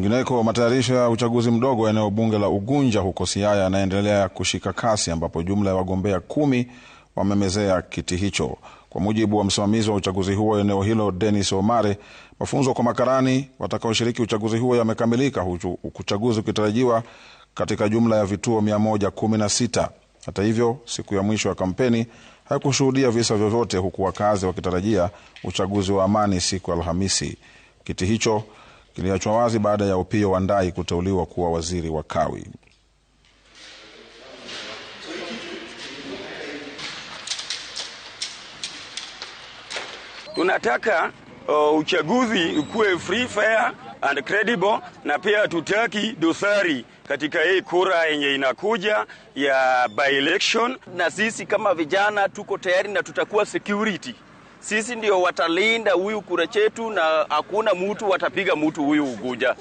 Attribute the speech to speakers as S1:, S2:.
S1: Kwingineko, matayarisho ya uchaguzi mdogo eneo bunge la Ugunja huko Siaya yanaendelea kushika kasi ambapo jumla ya wagombea kumi wamemezea kiti hicho. Kwa mujibu wa msimamizi wa uchaguzi huo eneo hilo Dennis Omare, mafunzo kwa makarani watakaoshiriki uchaguzi huo yamekamilika uchaguzi ukitarajiwa katika jumla ya vituo 116. Hata hivyo, siku ya mwisho ya kampeni hakushuhudia visa vyovyote, huku wakazi wakitarajia uchaguzi wa amani siku ya Alhamisi. Kiti hicho kiliachwa wazi baada ya Opiyo Wandayi kuteuliwa kuwa waziri wa kawi.
S2: Tunataka uh, uchaguzi ukuwe free fair and credible, na pia tutaki dosari katika hii kura yenye inakuja ya by election, na sisi kama vijana tuko tayari na tutakuwa security sisi ndio watalinda huyu kura chetu, na hakuna mtu watapiga mtu huyu Uguja.